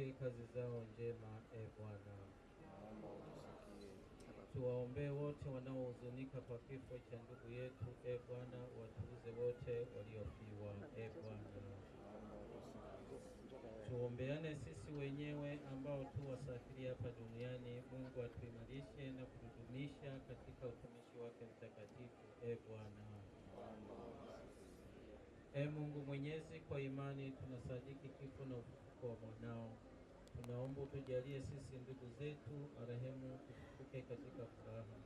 Zipokee kazi zao njema, e Bwana. Tuwaombee wote wanaohuzunika kwa kifo cha ndugu yetu, e Bwana. Watuuze wote waliofiwa, e Bwana. Tuombeane sisi wenyewe ambao tu wasafiri hapa duniani. Mungu atuimarishe na kutudumisha katika utumishi wake mtakatifu, e Bwana. E Mungu Mwenyezi, kwa imani tunasadiki kifo na ufufuko wa mwanao Tunaomba tujalie sisi ndugu zetu marehemu kutukuke katika furaha.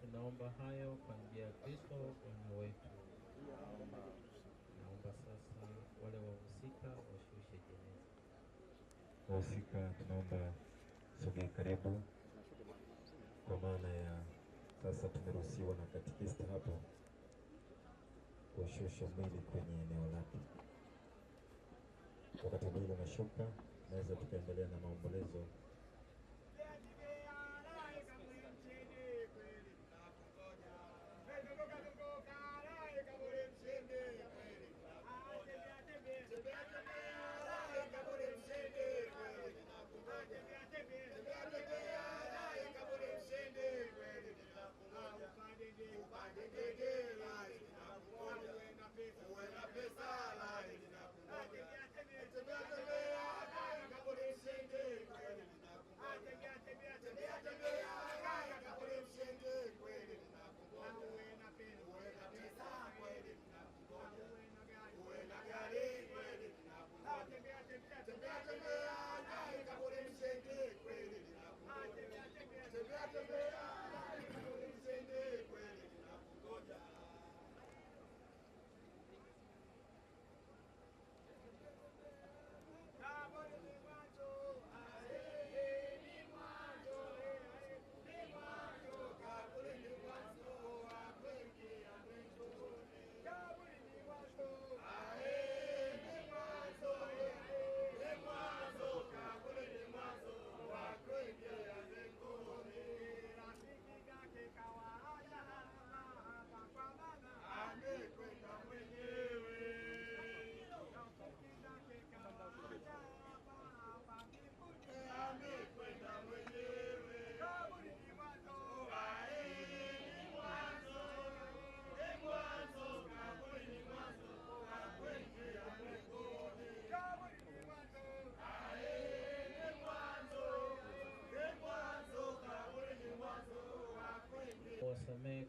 Tunaomba hayo kwa njia ya Kristo Bwana wetu. Naomba sasa wale wahusika washushe jeneza. Wahusika tunaomba sogee karibu, kwa maana ya sasa tumeruhusiwa na katekista hapo kushusha mwili kwenye eneo lake, wakati mwili unashuka naweza tukaendelea na maombolezo.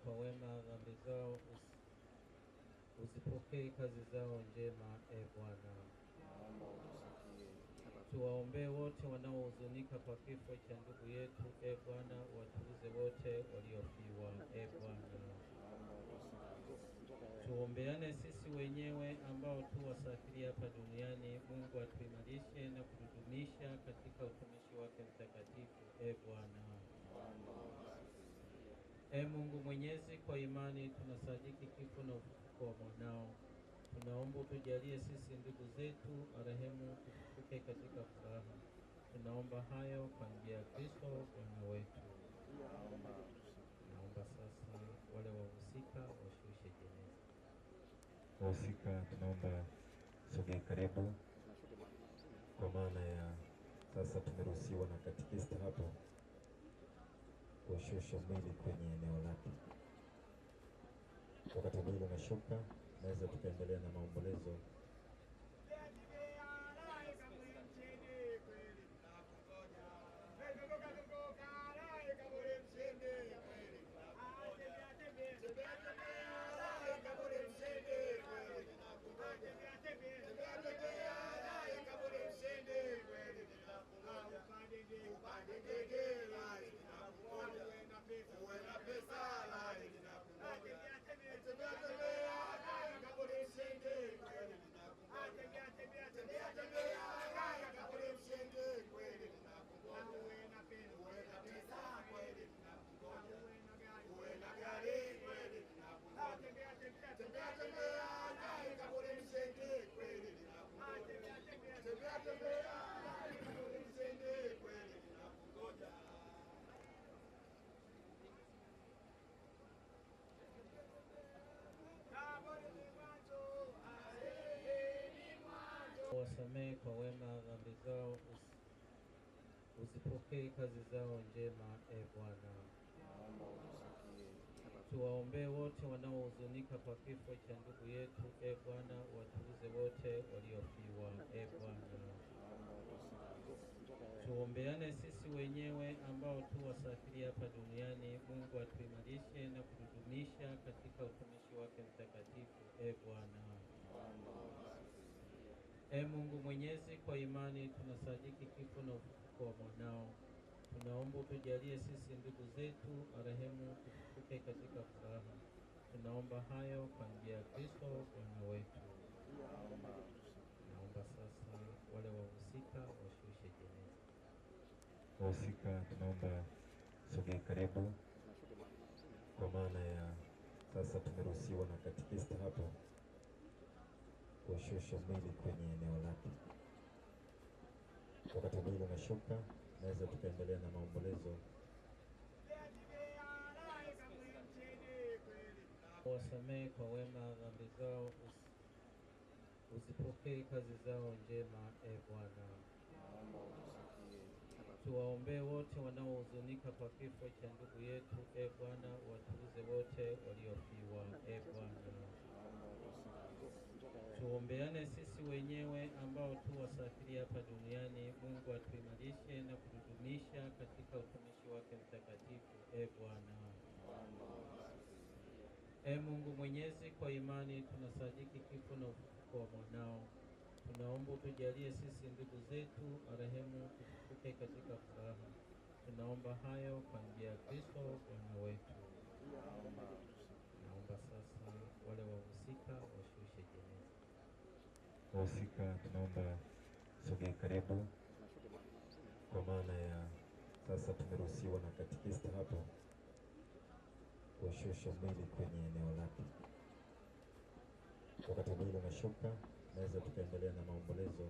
kwa wema dhambi zao, uzipokee kazi zao njema, e Bwana. Tuwaombee wote wanaohuzunika kwa kifo cha ndugu yetu, e Bwana. Watulize wote waliofiwa, e Bwana. Tuombeane sisi wenyewe ambao tu wasafiri hapa duniani. Mungu atuimarishe na kutudumisha katika utumishi wake mtakatifu, e Bwana. Ee Mungu Mwenyezi, kwa imani tunasadiki kifo na ufufuko wa mwanao, tunaomba utujalie sisi ndugu zetu marehemu tufufuke katika furaha. Tunaomba hayo kwa njia ya Kristo Bwana wetu. Naomba sasa wale wahusika washushe jeneza. Wahusika tunaomba sogea karibu, kwa maana ya sasa tumeruhusiwa na katekista hapo kushusha meli kwenye eneo lake. Wakati mwili nashuka naweza tukaendelea na maombolezo. uwasamehe kwa wema dhambi zao, uzipokee kazi zao njema, e Bwana. Tuwaombee wote wanaohuzunika kwa kifo cha ndugu yetu, e Bwana. Watuuze wote waliofiwa, e Bwana. Tuombeane sisi wenyewe ambao tu wasafiri hapa duniani. Mungu atuimarishe na kutudumisha katika utumishi wake mtakatifu, e Bwana. Ee Mungu Mwenyezi, kwa imani tunasadiki kifo na ufufuko wa mwanao, tunaomba tujalie sisi ndugu zetu marehemu tufufuke katika furaha. Tunaomba hayo kwa njia ya Kristo Bwana wetu. Naomba sasa wale wahusika washushe jeneza. Wahusika tunaomba sogea karibu, kwa maana ya sasa tumeruhusiwa na katekista hapo kushusha meli kwenye eneo lake. Wakati mwili umeshuka, naweza tukaendelea na maombolezo. Wasamehe kwa wema dhambi zao, uzipokee kazi zao njema, e Bwana. Tuwaombee wote wanaohuzunika kwa kifo cha ndugu yetu, e Bwana, watulize wote waliofiwa, e Bwana tuombeane sisi wenyewe ambao tu wasafiri hapa duniani. Mungu atuimarishe na kutudumisha katika utumishi wake mtakatifu. E Bwana, e Mungu Mwenyezi, kwa imani tunasadiki kifo na ufufuko wa mwanao, tunaomba utujalie sisi ndugu zetu marehemu tufufuke katika furaha. Tunaomba hayo kwa njia ya Kristo Bwana wetu. Naomba sasa wale wahusika washushe jeneza wahusika, tunaomba sogee karibu, kwa maana ya sasa tumeruhusiwa na katekista hapo kushusha mwili kwenye eneo lake. Wakati mwili unashuka, naweza tukaendelea na maombolezo.